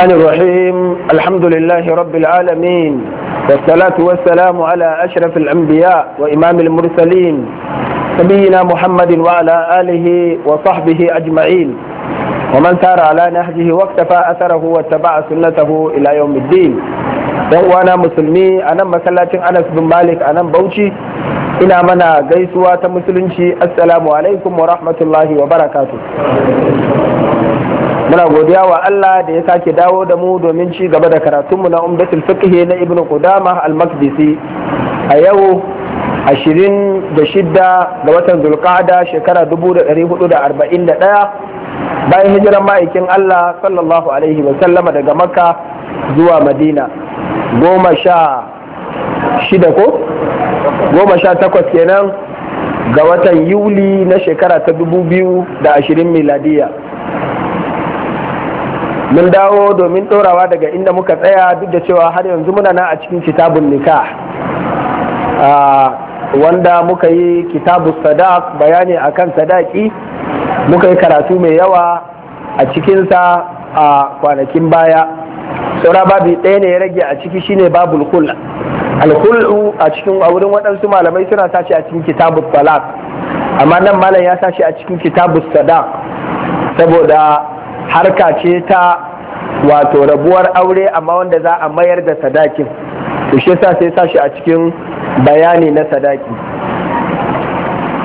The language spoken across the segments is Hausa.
الرحمن الرحيم الحمد لله رب العالمين والصلاة والسلام على أشرف الأنبياء وإمام المرسلين نبينا محمد وعلى آله وصحبه أجمعين ومن سار على نهجه واكتفى أثره واتبع سنته إلى يوم الدين وأنا مسلمي أنا مسلاتين أنس بن مالك أنا بوشي ina mana gaisuwa ta musulunci assalamu alaikum wa rahmatullahi wa barakatu muna godiya wa Allah da ya sake dawo da mu domin ci gaba da karatunmu na umdatul fiqh na Ibn qudamah al-maqdisi a yau 26 ga watan zulqa'da shekara 1441 bayan hijiran ma'aikin Allah sallallahu alaihi wa sallama daga makka zuwa madina goma sha shida ko goma sha takwas kenan ga watan yuli na shekara ta 2020 miladiya mun dawo domin ɗorawa daga inda muka tsaya duk da cewa har yanzu muna na a cikin kitabun nika wanda muka yi kitabu sadaq bayani a kan sadaki muka yi karatu mai yawa a cikinsa a kwanakin baya saura babu ɗaya ne ya rage a ciki shine babu kul alkulu a cikin wurin waɗansu malamai suna sashi a cikin kitabu talaq amma nan malam ya sashi a cikin kitabu sadaq saboda harka ce ta wato rabuwar aure amma wanda za a mayar da sadakin to shi yasa sai sashi a cikin bayani na sadaki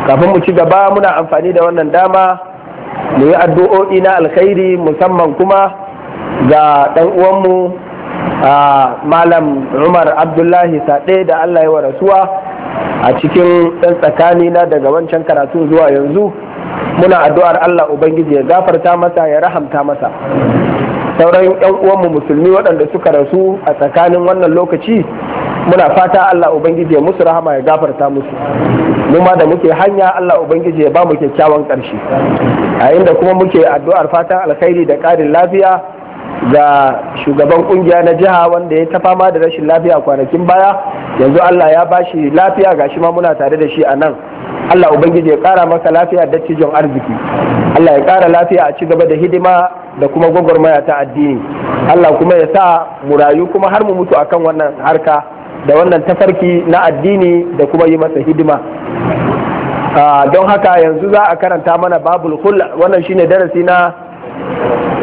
kafin mu ci gaba muna amfani da wannan dama mu yi addu'o'i na alkhairi musamman kuma ga dan uwanmu malam umar abdullahi saɗe da allah ya wa rasuwa a cikin ɗan tsakani na daga wancan karatun zuwa yanzu muna addu'ar Allah ubangiji ya gafarta masa ya rahamta masa sauran yan uwanmu musulmi waɗanda suka rasu a tsakanin wannan lokaci muna fata Allah ubangiji ya musu rahama ya gafarta musu mu da muke hanya Allah ubangiji ya ba mu kyakkyawan ƙarshe a da kuma muke addu'ar fatan alkhairi da ƙarin lafiya ga shugaban ƙungiya na jiha wanda ya ta fama da rashin lafiya kwanakin baya yanzu Allah ya bashi lafiya ga shi ma muna tare da shi a nan Allah ubangiji ya kara masa lafiya da cijon arziki Allah ya kara lafiya a ci gaba da hidima da kuma gwagwarmaya ta addini Allah kuma ya sa mu rayu kuma har mu mutu akan wannan harka da wannan tafarki na addini da kuma yi masa hidima don haka yanzu za a karanta mana babul khul wannan shine darasi na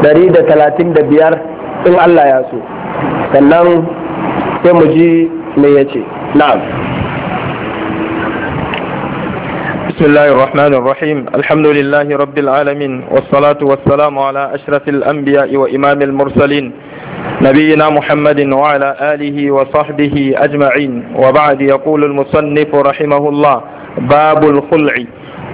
135 in Allah ya so sannan sai mu ji me نعم بسم الله الرحمن الرحيم الحمد لله رب العالمين والصلاة والسلام على أشرف الأنبياء وإمام المرسلين نبينا محمد وعلى آله وصحبه أجمعين وبعد يقول المصنف رحمه الله باب الخلع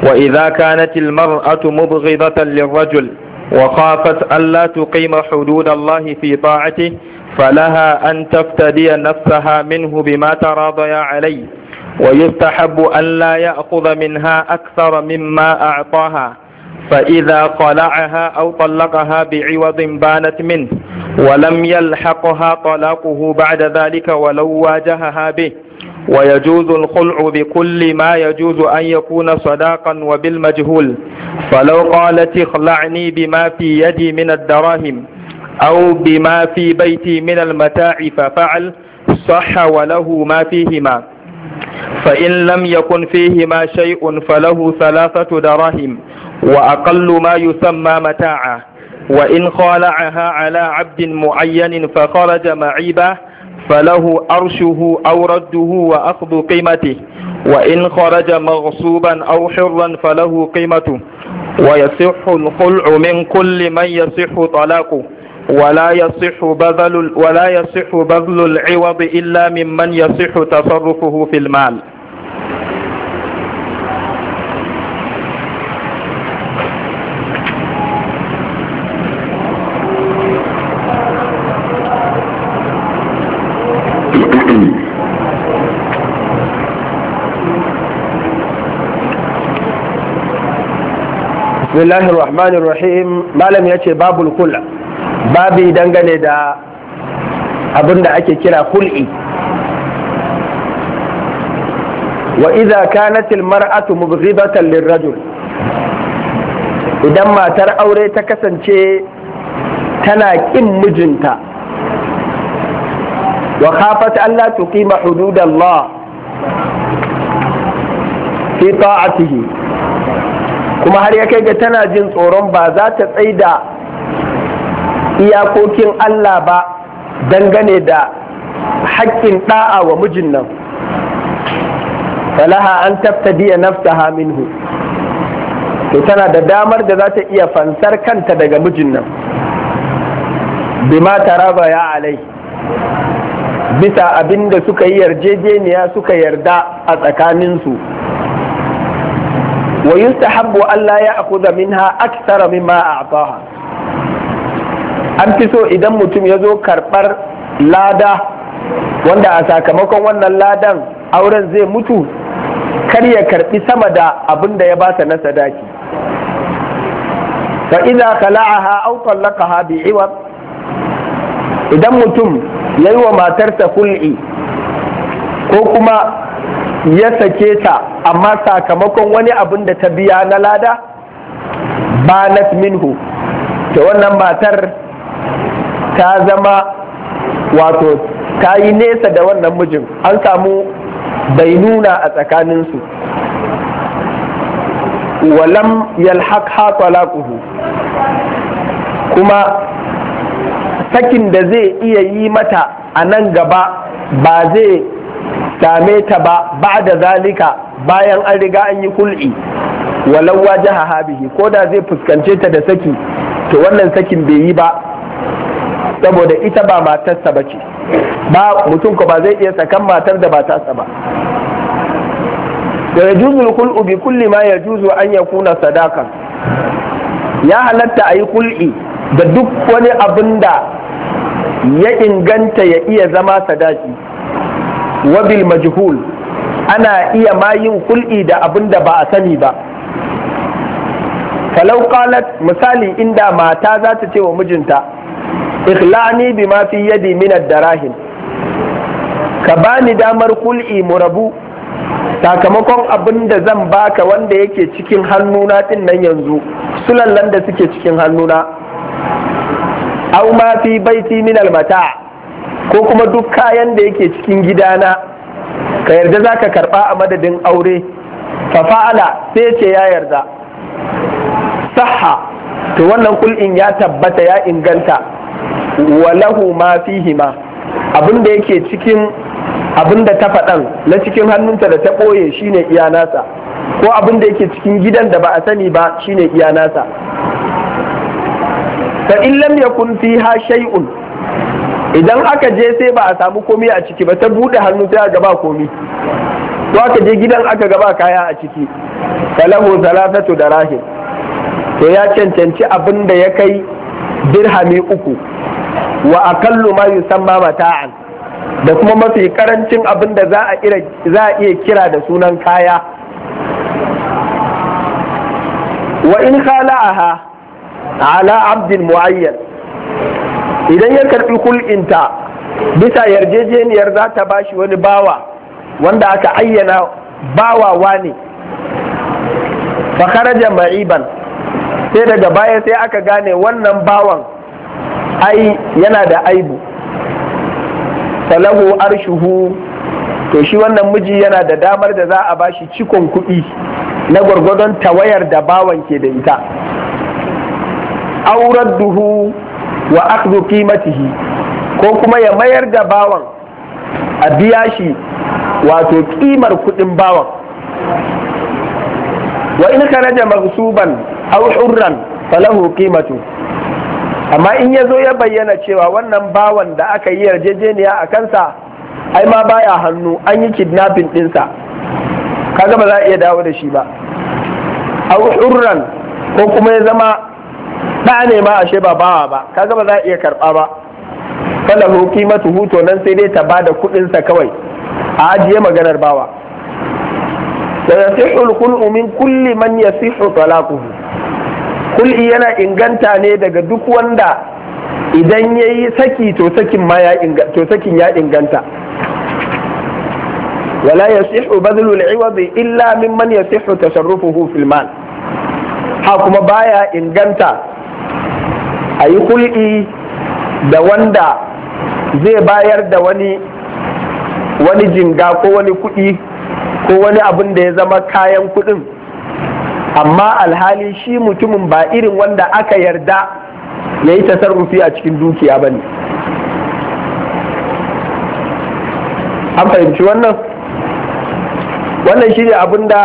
وإذا كانت المرأة مبغضة للرجل وخافت ألا تقيم حدود الله في طاعته فلها أن تفتدي نفسها منه بما تراضي عليه ويستحب أن لا يأخذ منها أكثر مما أعطاها فإذا قلعها أو طلقها بعوض بانت منه ولم يلحقها طلاقه بعد ذلك ولو واجهها به ويجوز الخلع بكل ما يجوز أن يكون صداقا وبالمجهول فلو قالت اخلعني بما في يدي من الدراهم أو بما في بيتي من المتاع ففعل صح وله ما فيهما فإن لم يكن فيهما شيء فله ثلاثة دراهم وأقل ما يسمى متاعا وإن خالعها على عبد معين فخرج معيبا فله أرشه أو رده وأخذ قيمته وإن خرج مغصوبا أو حرا فله قيمته ويصح الخلع من كل من يصح طلاقه ولا يصح بذل ولا يصح بذل العوض إلا ممن يصح تصرفه في المال بسم الله الرحمن الرحيم ما لم يأتي باب الكلة babi dangane da abin da ake kira hul'i wa iza kanat mar'atu mubghidatan lirrajul idan matar aure ta kasance tana kin mijinta wa khafat alla tuqima hududallah fi ta'atihi kuma har ya kai ga tana jin tsoron ba za ta tsaida iyakokin Allah ba dangane da haƙƙin ɗa'a wa mijin nan falaha an tabtadiya nafsaha minhu to tana da damar da za ta iya fansar kanta daga mijin nan bima taraba ya alai bisa abin da suka yi yarjejeniya suka yarda a tsakaninsu wa habbu Allah ya akuza minha aksara mimma a'taha an fi so idan mutum ya zo karɓar lada wanda a sakamakon wannan ladan auren zai mutu kar ya karɓi sama da abin da ya bata na sadaki fa iza khala'aha aw tallaqaha bi iwab idan mutum yayi wa matarsa kul'i ko kuma ya sake ta amma sakamakon wani abin da ta biya na lada banat minhu to wannan matar ta zama wato ta yi nesa da wannan mijin an samu bai nuna a tsakaninsu walam yalhaqha talaquhu kuma sakin da zai iya yi mata a nan gaba ba zai same ta ba ba da zalika bayan an riga an yi kul'i walau wajaha habihi ko da zai fuskance ta da saki to wannan sakin bai yi ba saboda ita ba matarsa ba ce ba mutum ko ba zai iya sakan matar da ba tasa ba da ya juzu kul'u bi kulli ma ya juzu an ya kuna sadaka ya halatta a yi kul'i da duk wani abin da ya inganta ya iya zama sadaki wabil majhul ana iya ma yin kul'i da abin da ba a sani ba falau qalat misali inda mata za ta ce wa mijinta ikhlani ma fi yadi min ad-darahim ka bani damar kul'i murabu sakamakon abin da zan baka wanda yake cikin hannuna din nan yanzu sulallan da suke cikin hannuna au ma fi baiti min al-mata ko kuma duk kayan da yake cikin gidana ka yarda zaka karba a madadin aure fa fa'ala sai ce ya yarda sahha to wannan kul'in ya tabbata ya inganta walahu ma fihima abin da yake cikin abin da ta faɗan na cikin hannunta da ta ɓoye shine iya nasa ko abin da yake cikin gidan da ba a sani ba shine iya nasa fa in kun fi ha shay'un idan aka je sai ba a samu komi a ciki ba ta buɗe hannu sai ga ba komi to aka je gidan aka gaba kaya a ciki falahu da darahim to ya cancanci abin da ya kai birhami uku wa akallu ma yusamma mata'an da kuma mafi karancin abin da za a iya kira da sunan kaya wa in khala'aha ala abdin mu'ayyan idan ya karbi kul'inta bisa yarjejeniyar za ta bashi wani bawa wanda aka ayyana bawawa ne fa kharaja ma'iban sai daga baya sai aka gane wannan bawan ai yana da aibu salahu arshuhu to shi wannan miji yana da damar da za a bashi cikon kuɗi na gwargwadon tawayar da bawan ke da ita aurar duhu wa akhdhu qimatihi ko kuma ya mayar da bawan a biya shi wato kimar kuɗin bawan wa in kharaja maghsuban aw hurran falahu qimatu amma in yazo ya bayyana cewa wannan bawan da aka yi yarjejeniya a kansa ai ma baya hannu an yi kidnapping ɗinsa kaga ba za a iya dawo da shi ba aw hurran ko kuma ya zama da ne ma ashe ba bawa ba kaga ba za a iya karɓa ba falahu qimatu huto nan sai dai ta bada kuɗin sa kawai a ajiye maganar bawa la yasihu al min kulli man yasihu talaquhu kulli yana inganta ne daga duk wanda idan ya yi saki to sakin ya inganta wala ya sihu bazlu al-iwadi illa mimman yasihu tasarrufuhu fil mal ha kuma baya inganta a yi da wanda zai bayar da wani wani jinga ko wani kuɗi ko wani abin da ya zama kayan kuɗin amma alhali shi mutumin ba irin wanda aka yarda ya yi tasarrufi a cikin dukiya ba ne an fahimci wannan wannan shi ne abin da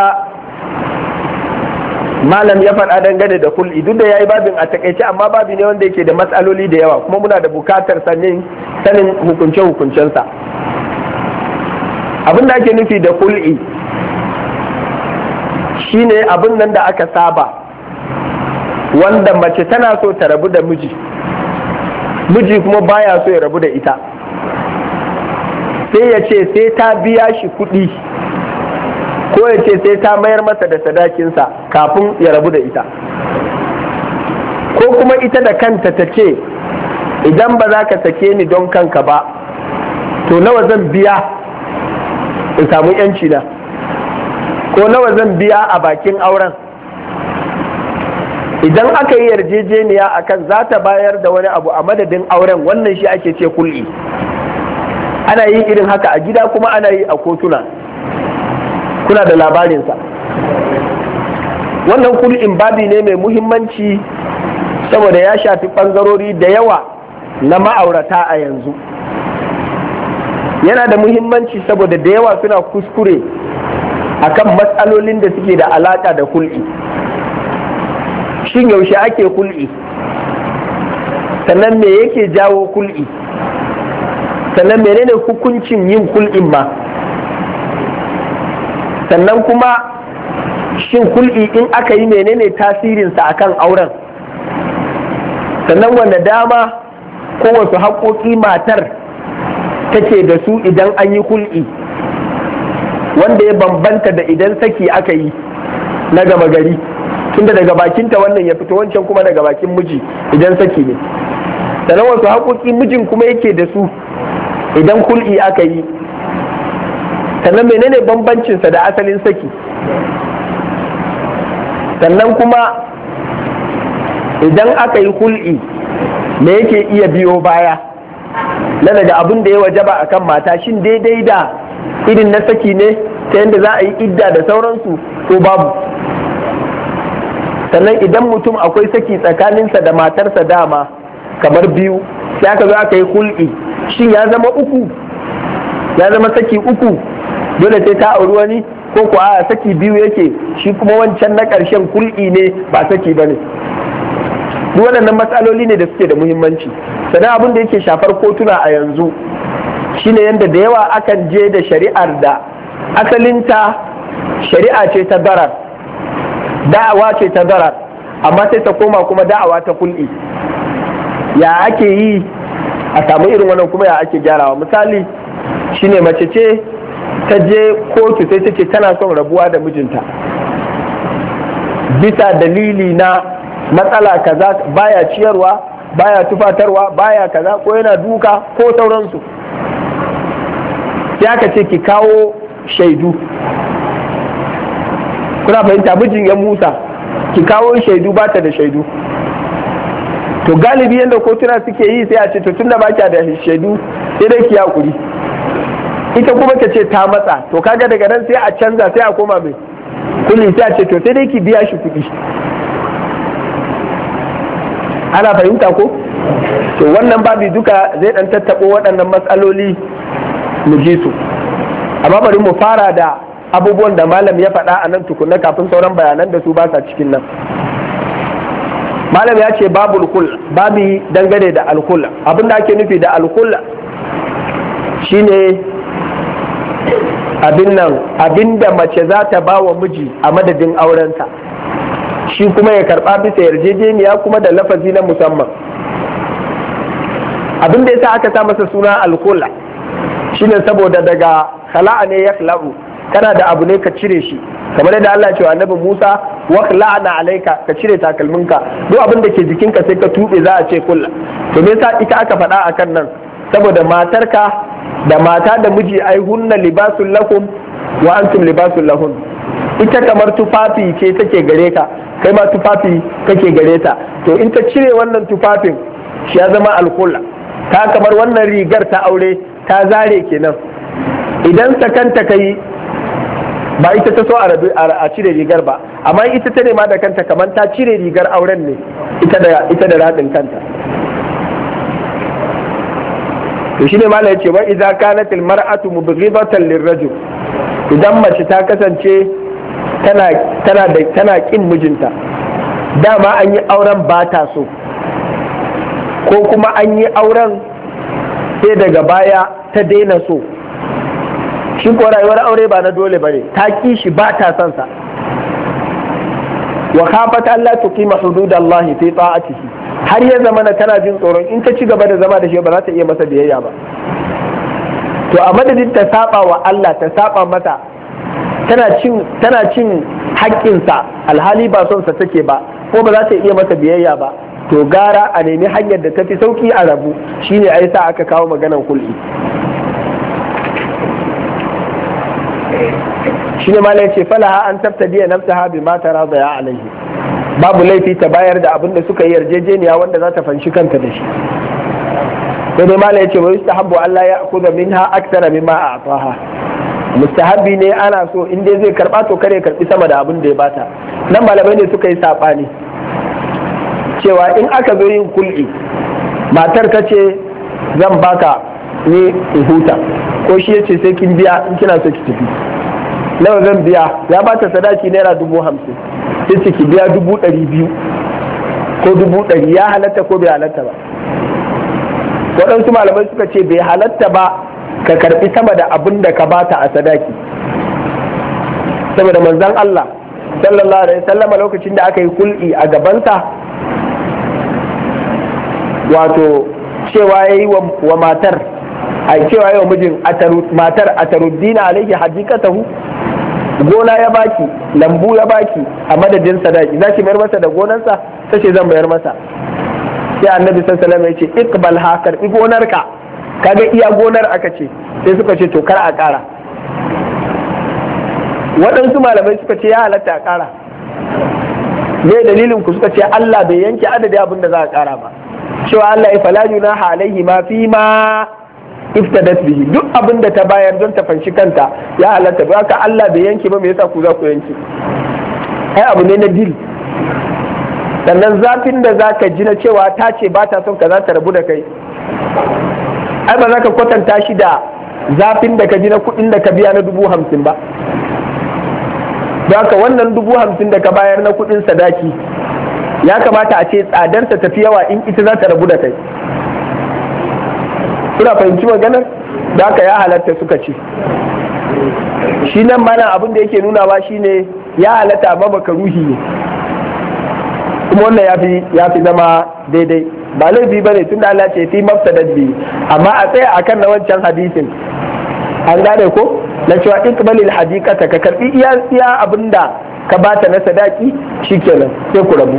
malam ya faɗa dangane da kul'i duk da ya yi babin a takaice amma babi ne wanda yake da matsaloli da yawa kuma muna da bukatar sanin sanin hukunce-hukuncensa abin da ake nufi da kul'i Shi ne abin nan da aka saba wanda mace tana so ta rabu da miji miji kuma baya so ya rabu da ita sai ya ce sai ta biya shi kuɗi ko ya ce sai ta mayar masa da sadakinsa kafin ya rabu da ita ko kuma ita da kanta ta ce idan ba za ka sake ni don kanka ba to nawa zan biya in samu yanci na ko nawa zan biya a bakin auren idan aka yi yarjejeniya a kan za ta bayar da wani abu a madadin auren wannan shi ake ce kul'i ana yi irin haka a gida kuma ana yi a kotuna kuna da labarinsa wannan kul'in babi ne mai muhimmanci saboda ya shafi ɓangarori da yawa na ma'aurata a yanzu yana da muhimmanci saboda da yawa suna kuskure akan matsalolin da suke da alaƙa da kul'i shin yaushe ake kul'i sannan me yake jawo kul'i sannan menene hukuncin yin kul'in ma sannan kuma shin kul'i in aka yi menene tasirinsa akan auren sannan wanda dama ko wasu haƙoƙi matar take da su idan an yi kul'i wanda ya bambanta da idan saki aka yi na gama gari tunda daga bakinta wannan ya fito wancan kuma daga bakin miji idan saki ne sannan wasu haƙoƙi mijin kuma yake da su idan kul'i aka yi sannan menene bambancinsa da asalin saki sannan kuma idan aka yi kul'i me yake iya biyo baya na daga abin da ya wajaba akan mata shin daidai da irin na saki ne ta yadda za a yi idda da sauransu to babu sannan idan mutum akwai saki tsakaninsa da matarsa dama kamar biyu sai aka zo aka yi hulɗi shin ya zama uku ya zama saki uku dole sai ta auri wani ko ko a saki biyu yake shi kuma wancan na ƙarshen kul'i ne ba saki ba ne duk waɗannan matsaloli ne da suke da muhimmanci sannan abin da yake shafar kotuna a yanzu shine yadda da yawa akan je da shari'ar da asalinta shari'a ce ta darar da'awa ce ta darar amma sai ta koma kuma da'awa ta kul'i ya ake yi a samu irin wannan kuma ya ake gyarawa misali shine mace ce ta je kotu sai ta ce tana son rabuwa da mijinta bisa dalili na matsala kaza baya ciyarwa baya tufatarwa baya kaza ko yana duka ko sauransu sai aka ce ki kawo shaidu kuna fahimta mijin ya musa ki kawo shaidu ba ta da shaidu to galibi yadda kotuna suke yi sai a ce to da baki da shaidu sai dai ki hakuri ita kuma ka ce ta matsa to kaga daga nan sai a canza sai a koma mai kulli sai a ce to sai dai ki biya shi kuɗi ana fahimta ko to wannan babi duka zai ɗan tattaɓo waɗannan matsaloli mu ji su amma bari mu fara da abubuwan da malam ya faɗa a nan tukunna kafin sauran bayanan da su ba sa cikin nan malam ya ce babu alkul babu dangane da alkul abin da ake nufi da alkul shine abin nan abin da mace za ta ba wa miji a madadin aurenta shi kuma ya karba bisa yarjejeniya kuma da lafazi na musamman abin da ya sa aka sa masa suna alkula ne saboda daga khala'a ne ya khala'u kana da abu ne ka cire shi kamar yadda Allah ya ce annabi Musa wa khala'na alayka ka cire takalminka duk abin da ke jikinka sai ka tube za a ce kullu to me yasa ita aka faɗa akan nan saboda matarka da mata da miji ai hunna libasul lakum wa antum libasul lahun ita kamar tufafi ce take gare ka kai ma tufafi kake gare ta to in ta cire wannan tufafin shi ya zama alkulla ta kamar wannan rigar ta aure ta zare kenan idan sakanta ka yi ba ita ta so a cire rigar ba amma ita ta nema da kanta kamar ta cire rigar auren ne ita da raɗin kanta to shi ne ma mala ce wa idza kanat al mar'atu mubghidatan lirrajul idan mace ta kasance tana tana da tana kin mijinta dama an yi auren ba ta so ko kuma an yi auren sai daga baya ta daina so shi ko rayuwar aure ba na dole bane ta ki shi ba ta son sa wa khafat Allah tuqima hududallahi fi ta'atihi har ya zamana tana jin tsoron in ta ci gaba da zama da shi ba za ta iya masa biyayya ba to a madadin ta saba wa Allah ta saba mata tana cin tana cin haƙƙinsa alhali ba son sa take ba ko ba za ta iya masa biyayya ba to gara a nemi hanyar da tafi sauki a rabu shine ai sa aka kawo maganan kul'i shine ma ce falaha an tabtadiya nafsaha mata raza ya alaihi babu laifi ta bayar da abin da suka yi yarjejeniya wanda za ta fanshi kanta da shi ko dai mala yace wa yustahabbu Allah ya akuza minha aktara mimma a'taha mustahabbi ne ana so in dai zai karba to kare karbi sama da abin da ya bata nan malamai ne suka yi saɓani. cewa in aka zo yin kul'i matar ta ce zan baka ne in huta ko shi ya ce sai kin biya in kina so ki tafi nawa zan biya ya ba ta sadaki naira dubu hamsin sai ce ki biya dubu ɗari biyu ko dubu ɗari ya halatta ko bai halatta ba waɗansu malamai suka ce bai halatta ba ka karɓi sama da abin da ka bata a sadaki saboda manzon Allah sallallahu alaihi wasallam lokacin da aka yi kul'i a gabansa wato cewa ya yi wa matar ai cewa yi wa mijin matar a ataruddina alaihi hajikatahu gona ya baki lambu ya baki a madadin sadaki ki mayar masa da gonarsa ce zan mayar masa sai annabi sallallahu alaihi ya ce Ikbal, hakar i gonarka kaga iya gonar aka ce sai suka ce tokar a kara waɗansu malamai suka ce ya halatta a kara me dalilin ku suka ce Allah bai yanke adadin abin da za a kara ba cewa Allah ya fala na alaihi ma fi ma iftadat bihi duk abin da ta bayar don ta fanshi kanta ya halatta ba ka Allah bai yanke ba me yasa ku za ku yanke ai abu ne na dil sannan zafin da za ka ji na cewa ta ce ba ta son ka za ta rabu da kai ai ba za ka kwatanta shi da zafin da ka ji na kuɗin da ka biya na dubu hamsin ba don haka wannan dubu hamsin da ka bayar na kuɗin sadaki ya kamata a ce tsadarsa tafi yawa in ita za ta rabu da kai suna fahimci maganar da aka ya halatta suka ce shi nan mana abin da yake nunawa shine ya halatta ba baka ruhi ne kuma wannan ya fi zama daidai ba laifi bane tun da Allah ce fi mafsadat bi amma a tsaya akan na wancan hadisin an gane ko na cewa ikbalil hadiqata ka karbi iya iya abinda ka bata na sadaki shikenan sai ku rabu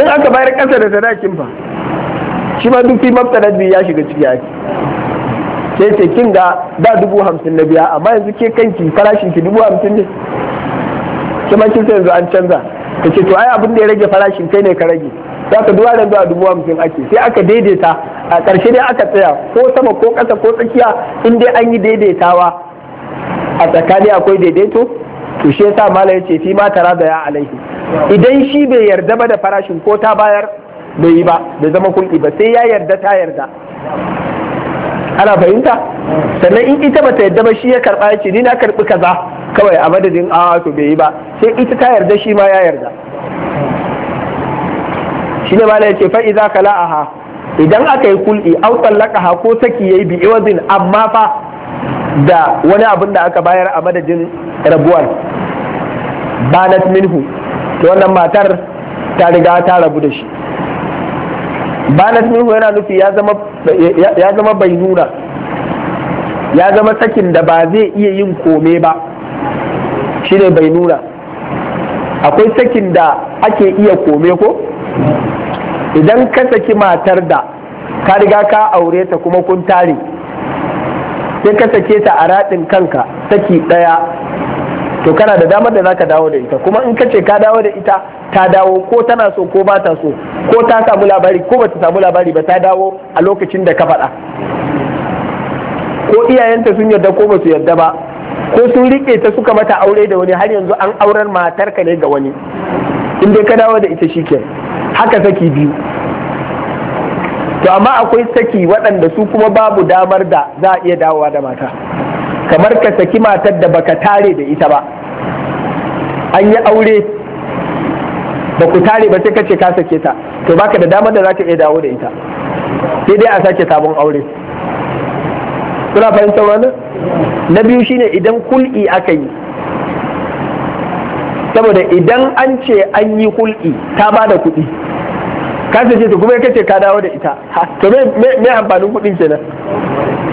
in aka bayar kasa da sadakin fa shi ma duk fi mabtada biyu ya shiga ciki ake sai ce kin ga da dubu hamsin na biya amma yanzu ke kanki farashin ki dubu hamsin ne ke ma kin yanzu an canza ka ce to ai abin da ya rage farashin kai ne ka rage za ka duwa yanzu a dubu hamsin ake sai aka daidaita a ƙarshe dai aka tsaya ko sama ko ƙasa ko tsakiya in dai an yi daidaitawa a tsakani akwai daidaito to shi yasa malam ya ce fi ma tara da ya alaihi idan shi bai yarda ba da farashin ko ta bayar bai yi ba bai zama kulki ba sai ya yarda ta yarda ana fahimta sannan in ita ba ta yarda ba shi ya karba ya ce ni na karbi kaza kawai a madadin a to bai yi ba sai ita ta yarda shi ma ya yarda shi ne ce fa'i za ka la'aha idan aka yi au aw ha, ko saki ya yi bi iwazin amma fa da wani abin da aka bayar a madadin rabuwar ba na minhu to wannan matar ta riga ta rabu da shi banat minhu yana nufi ya zama bai nuna ya zama sakin da ba zai iya yin kome ba shi ne bai nuna akwai sakin da ake iya kome ko idan ka saki matar da ka riga ka aure ta kuma kun tare sai ka sake ta a raɗin kanka saki ɗaya to kana da damar da zaka dawo da ita kuma in ka ce ka dawo da ita ta dawo ko tana so ko ba ta so ko ta samu labari ko bata samu labari ba ta dawo a lokacin da ka faɗa ko iyayenta sun yarda ko ba su yarda ba ko sun riƙe ta suka mata aure da wani har yanzu an aurar ka ne ga wani in dai ka dawo da ita shikenan haka saki biyu to amma akwai saki waɗanda su kuma babu damar da za a iya dawowa da mata kamar ka saki matar da baka tare da ita ba an yi aure ba ku tare ba sai ka ce ka sake ta to baka da damar da za ka iya dawo da ita sai dai a sake sabon aure kuna fahimtar wani na biyu shine idan kul'i aka yi saboda idan an ce an yi kul'i ta ba da kuɗi ka sace ta kuma kace ka dawo da ita to me amfanin kuɗin kenan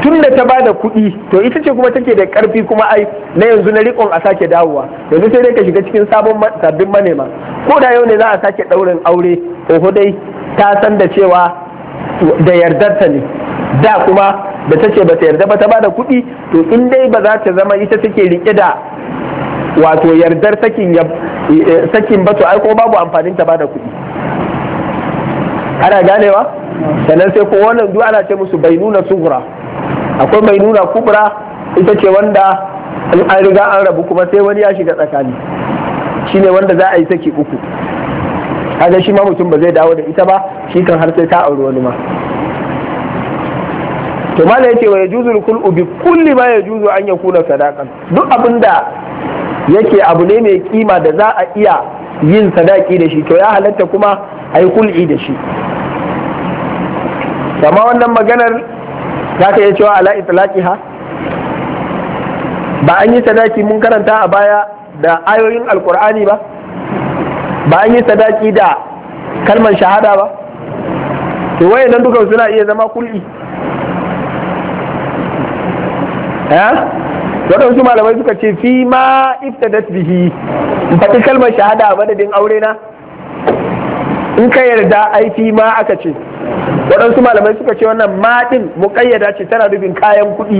tun da ta bada kuɗi to ita ce kuma take da ƙarfi kuma ai na yanzu na riƙon a sake dawowa yanzu sai dai ka shiga cikin sabon sabbin manema ko da yau ne za a sake ɗaurin aure oho dai ta san da cewa da yardarta ne da kuma da ta ce ba ta yarda ba ta bada kuɗi to in dai ba za ta zama ita take rike da wato yardar sakin sakin ba to ai ko babu amfanin ta bada kuɗi ana ganewa sannan sai ko wannan duk ana ce musu bainuna sughra akwai mai nuna kubra ita ce wanda an riga an rabu kuma sai wani ya shiga tsakani Shi ne wanda za a yi saki uku kaga shi ma mutum ba zai dawo da ita ba shi kan har sai ta auri wani ma to mala yake wa yajuzu kul'u bi kulli ma yajuzu an yakuna sadaqan duk abinda yake abu ne mai kima da za a iya yin sadaki da shi to ya halatta kuma a kul'i da shi kama wannan maganar za ka iya cewa ala itlaqi ha ba an yi sadaki mun karanta a baya da ayoyin alkur'ani ba ba an yi sadaki da kalmar shahada ba to waye nan duka suna iya zama kulli eh waɗansu malamai suka ce fi ma iftadat bihi in faɗi kalmar shahada a madadin aure na in ka yarda aiki ma aka ce waɗansu malamai suka ce wannan maɗin mu muƙayyada ce tana rubin kayan kuɗi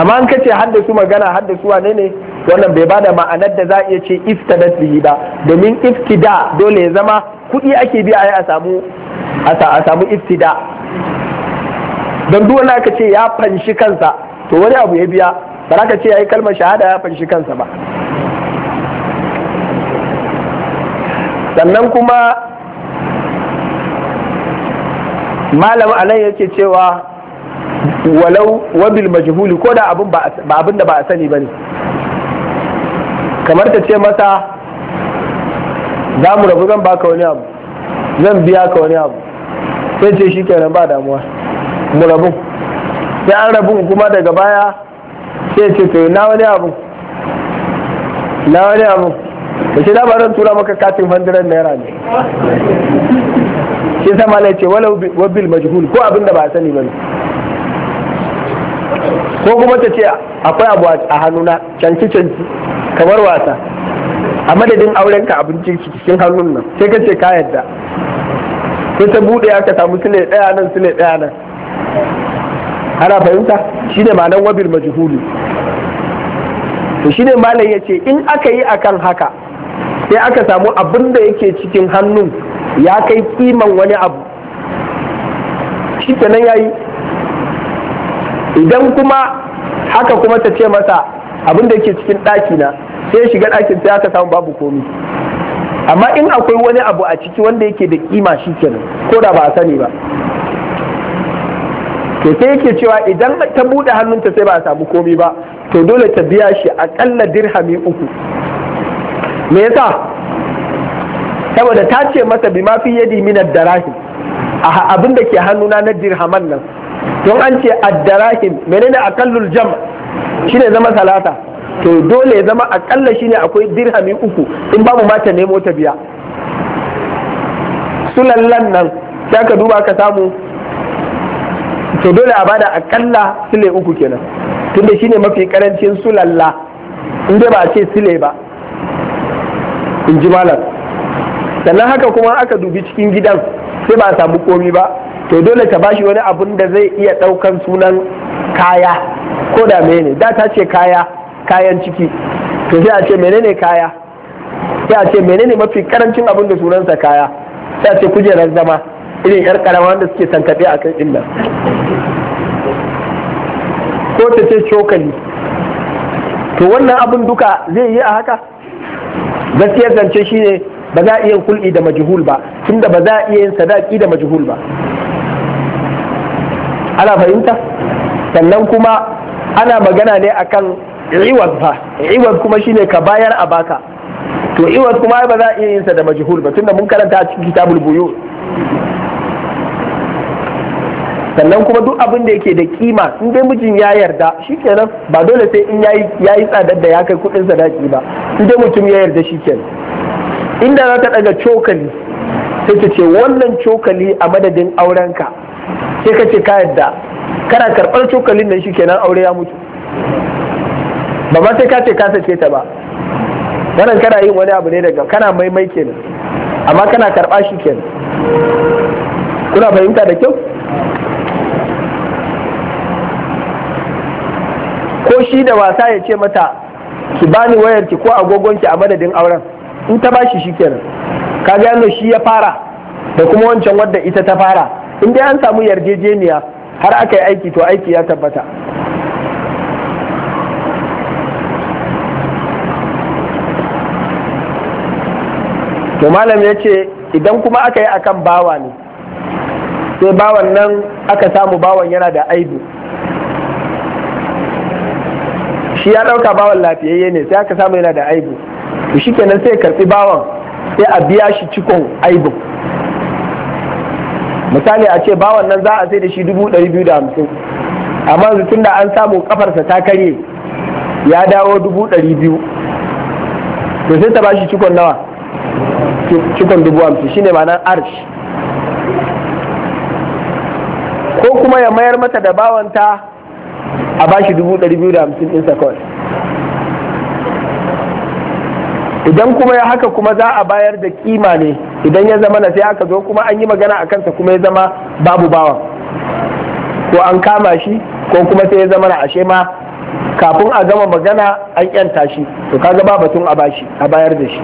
amma an kace haddasu magana haddasu wane ne wannan bai bada ma'anar da za a iya ce iftadat bihi ba domin iftida dole ya zama kuɗi ake biya a samu a samu iftida don duk aka ce ya fanshi kansa to wani abu ya biya ba za ka ce yi kalmar shahada ya fanshi kansa ba sannan kuma malam nan yake cewa walau wabil majhuli ko da abin ba da ba a sani ne kamar ta ce masa za mu rabu zan ka wani abu zan biya ka wani abu sai ce shi kenan ba damuwa mu rabu sai an rabu kuma daga baya sai ce to na wani abu na wani abu kace ce baran tura maka katin 100 naira ne shi sama lai ce wala wabil majhul ko abin da ba sani bane ko kuma ta ce akwai abu a hannuna canci canci kamar wasa a madadin auren ka abinci cikin hannun nan sai ka ce ka yadda ko ta bude aka samu sile daya nan sile daya nan ana fahimta shi ne ma'anar wabil majhul to shi ne malam ya ce in aka yi akan haka sai aka samu abin da yake cikin hannun ya kai kiman wani abu shi ya yi idan kuma haka kuma ta ce masa abin da yake cikin ɗaki na sai shiga ɗakin sai aka samu babu komi amma in akwai wani abu a ciki wanda yake da kima shi kenan ko da ba a sani ba to sai yake cewa idan ta buɗe hannunta sai ba a samu komi ba to dole ta biya shi aƙalla dirhami uku me yasa saboda ta ce masa bi ma fi yadi min ad-darahim abin da ke hannuna na dirhaman nan don an ce ad-darahim menene akallul jam shine zama salata to dole ya zama akalla shine akwai dirhami uku in babu ma nemo ta biya sulallan nan sai ka duba ka samu to dole a bada akalla sile uku kenan tunda shine mafi karancin sulalla in dai ba a ce sile ba in ji malam sannan haka kuma aka dubi cikin gidan sai ba a samu komi ba to dole ta bashi wani abun da zai iya ɗaukan sunan kaya ko da menene da ta ce kaya kayan ciki to sai a ce menene kaya sai a ce menene mafi karancin abin da sunansa kaya sai a ce kujerar zama irin yar karama wanda suke sankaɗe a kan illa ko ta ce cokali to wannan abun duka zai yi a haka gaskiyar zance shine ba za a iya kul'i da majhul ba tunda ba za a iya yin sadaki da majhul ba ana fahimta sannan kuma ana magana ne akan iwas ba. iwas kuma shine ka bayar a baka to iwas kuma ba za a iya yin sa da majhul ba tunda mun karanta a cikin kitabul buyu sannan kuma duk abin da yake da kima in dai mijin ya yarda shikenan ba dole sai in yayi yayi tsadar da ya kai kudin sadaki ba in dai mutum ya yarda shikenan inda za ta daga cokali sai ta ce wannan cokali a madadin aurenka sai ka ce ka yarda kana karɓar cokalin nan shikenan aure ya mutu ba ma sai ka ce ka sace ta ba wannan kana yin wani abu ne daga kana maimai kenan amma kana karɓa shi kenan kuna fahimta da kyau ko shi da wasa ya ce mata ki bani wayarki ko agogonki a madadin auren in ta bashi shikenan ka gano shi ya fara da kuma wancan wadda ita ta fara in dai an samu yarjejeniya har aka yi aiki to aiki ya tabbata to malam ya ce idan kuma aka yi akan bawa ne sai bawan nan aka samu bawan yana da aibu shi ya ɗauka bawan lafiyayye ne sai aka samu yana da aibu to kenan sai karɓi bawan sai a biya shi cikon aibun misali a ce bawan nan za a sai da shi dubu ɗari biyu da hamsin amma yanzu tun da an samu ƙafarsa ta karye ya dawo dubu ɗari biyu to sai ta bashi cikon nawa cikon dubu hamsin shine ma'anar arsh ko kuma ya mayar mata da bawanta a bashi dubu ɗari biyu da hamsin ɗinsa kawai idan kuma ya haka kuma za a bayar da kima ne idan ya zama na sai aka zo kuma an yi magana a kansa kuma ya zama babu bawan ko an kama shi ko kuma sai ya zama na ashe ma kafin a gama magana an yanta shi to kaga ba batun a bashi a bayar da shi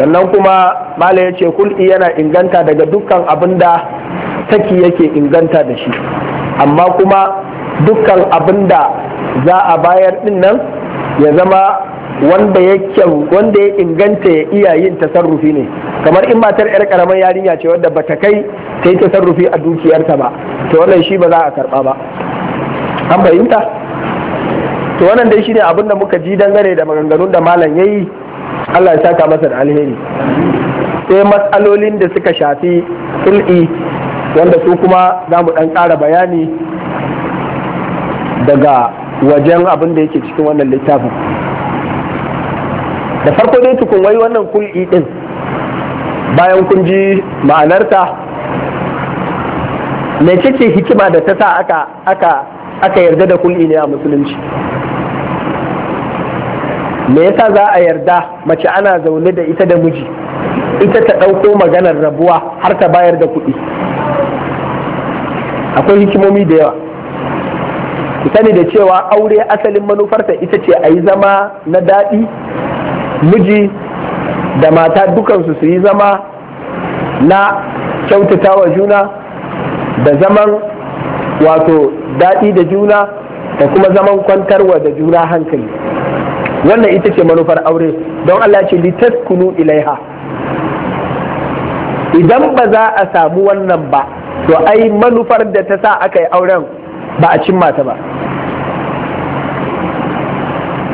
sannan kuma mala ya ce kul'i yana inganta daga dukkan abin da saki yake inganta da shi amma kuma dukkan abin da za a bayar din nan ya zama wanda ya wanda ya inganta ya iya yin tasarrufi ne kamar in matar yar karamar yarinya ce wadda ta kai ta yi tasarrufi a dukiyarta ba to wannan shi ba za a karba ba an fahimta to wannan dai shine abin da muka ji dangane da maganganun da malam yayi Allah ya saka masa da alheri sai matsalolin da suka shafi fil'i wanda su kuma za mu ɗan ƙara bayani daga wajen abin da yake cikin wannan littafin da farko dai tukun wai wannan kul'i ɗin bayan kun ji ma'anarta mai kike hikima da ta sa aka yarda da kul'i ne a musulunci me yasa za a yarda mace ana zaune da ita da miji ita ta ɗauko maganar rabuwa har ta bayar da kuɗi akwai hikimomi da yawa ku sani da cewa aure asalin manufarta ita ce a yi zama na daɗi miji da mata dukansu su yi zama na kyautata wa juna da zaman wato daɗi da juna da kuma zaman kwantarwa da juna hankali wannan ita ce manufar aure don Allah ce litaskunu ilaiha idan ba za a samu wannan ba to ai manufar da ta sa aka yi auren ba a cimma ta ba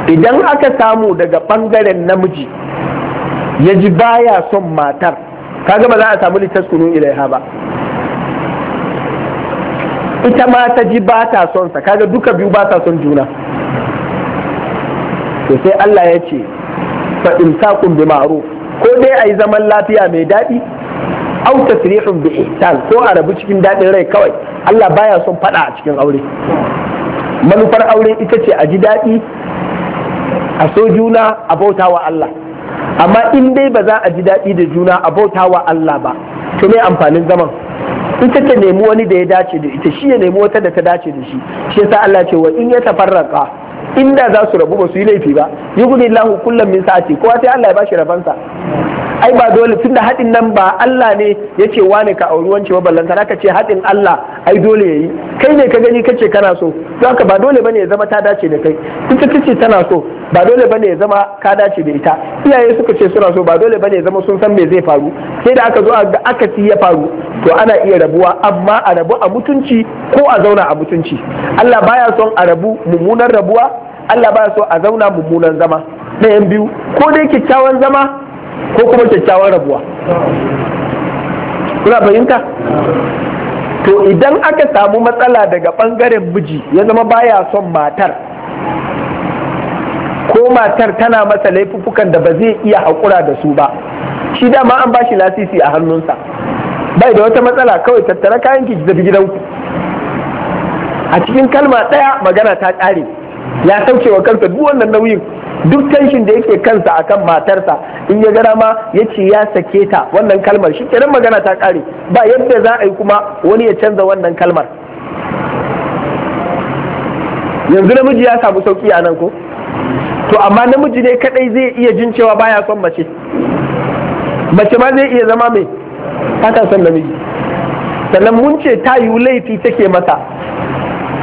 idan aka samu daga ɓangaren namiji ya ji baya son matar kaga ba za a samu Littas littaskunu ilaiha ba ita ma ta ji ba ta son sa kaga duka biyu ba ta son juna to sai Allah ya ce fa imsakun bi ma'ruf ko dai yi zaman lafiya mai daɗi aw tasrihun bi ihsan ko a rabu cikin daɗin rai kawai Allah baya son fada a cikin aure manufar aure ita ce a ji daɗi a so juna a bauta Allah amma in dai ba za a ji daɗi da juna a bauta wa Allah ba to me amfanin zaman ita ta nemi wani da ya dace da ita shi ya nemi wata da ta dace da shi shi yasa Allah ce wa in ya tafarraqa inda za su rabu ba su yi laifi ba yughni Allahu kullam min sa'ati kowa sai Allah ya bashi rabansa ai ba dole tunda haɗin nan ba Allah ne ya ce wane ka auri wance ba ballanta naka ce haɗin Allah ai dole yayi kai ne ka gani kace kana so don haka ba dole bane ya zama ta dace da kai ita tace tana so ba dole bane ya zama ka dace da ita iyaye suka ce suna so ba dole bane ya zama sun san me zai faru sai da aka zo ga aka akasi ya faru to ana iya rabuwa amma a rabu a mutunci ko a zauna a mutunci Allah baya son a rabu mummunan rabuwa Allah baya so a zauna mummunan zama ɗayan biyu ko dai kyakkyawan zama ko kuma kyakkyawan rabuwa kuna fahimta to idan aka samu matsala daga ɓangaren miji ya zama baya son matar ko matar tana masa laifukan da ba zai iya haƙura da su ba shi dama an bashi lasisi a hannunsa bai da wata matsala kawai tattara kayan ki tafi gidanku a cikin kalma ɗaya magana ta ƙare ya sauke wa kansa duk wannan nauyin duk tenshin da yake kansa akan matarsa in ya gara ma ya ce ya sake ta wannan kalmar shi kenan magana ta kare ba yadda za a yi kuma wani ya canza wannan kalmar yanzu namiji ya samu sauki a nan ko to amma namiji ne kadai zai iya jin cewa baya son mace mace ma zai iya zama mai fata son namiji sannan mun ce ta yiwu laifi take mata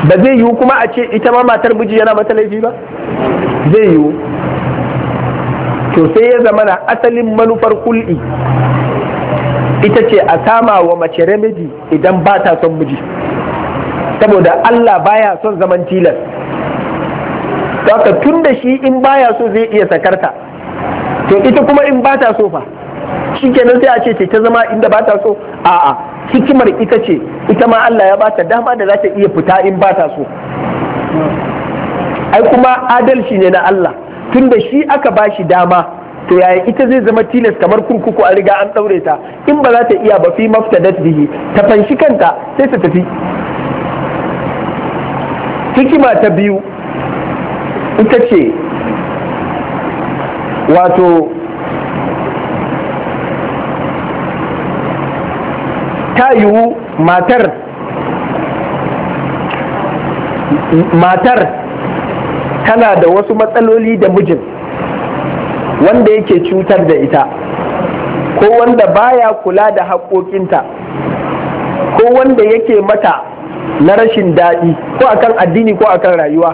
ba zai yiwu kuma a ce ita ma matar miji yana mata laifi ba zai yiwu to sai ya zama na asalin manufar kul'i ita ce a sama wa mace remedy idan ba ta son miji saboda Allah baya son zaman tilas To haka tun da shi in baya so zai iya sakarta to ita kuma in ba ta so fa shi kenan sai a ce ta zama inda ba ta so a'a hikimar ita ce ita ma Allah ya bata dama da za ta iya fita in ba ta so ai kuma adalci ne na Allah tun da shi aka ba shi dama to yaya ita zai zama tilas kamar kurkuku a riga an ɗaure ta in ba za ta iya ba fi maftadat bihi ta fanshi kanta sai ta tafi hikima ta biyu ita ce wato ta yiwu matar matar tana da wasu matsaloli da mijin wanda yake cutar da ita ko wanda baya kula da haƙoƙinta ko wanda yake mata na rashin daɗi ko akan addini ko akan rayuwa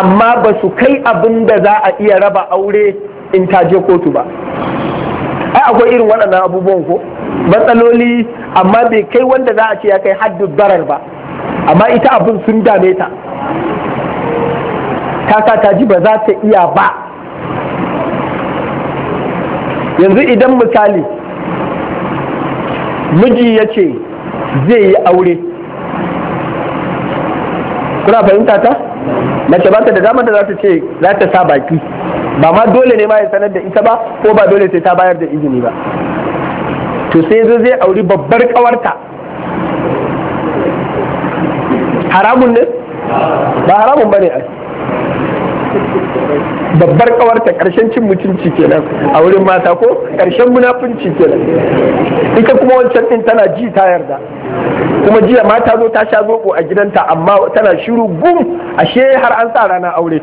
amma ba su kai abin da za a iya raba aure in ta je kotu ba ai akwai irin waɗannan abubuwan ko matsaloli amma bai kai wanda za a ce ya kai haddu barar ba amma ita abin sun dame ta ta sa ta ji ba za ta iya ba yanzu idan misali miji ya ce zai yi aure kuna fahimta ta mace ba ta da damar da za ta ce za ta sa baki ba ma dole ne ma ya sanar da ita ba ko ba dole sai ta bayar da izini ba to sai zai zai auri babbar kawarta haramun ne ba haramun ne ai babbar kawarta karshen cin mutunci kenan a wurin mata ko karshen munafunci kenan ita kuma wancan din tana ji ta yarda kuma jiya mata zo ta sha zoko a gidanta amma tana shiru gum ashe har an sa rana aure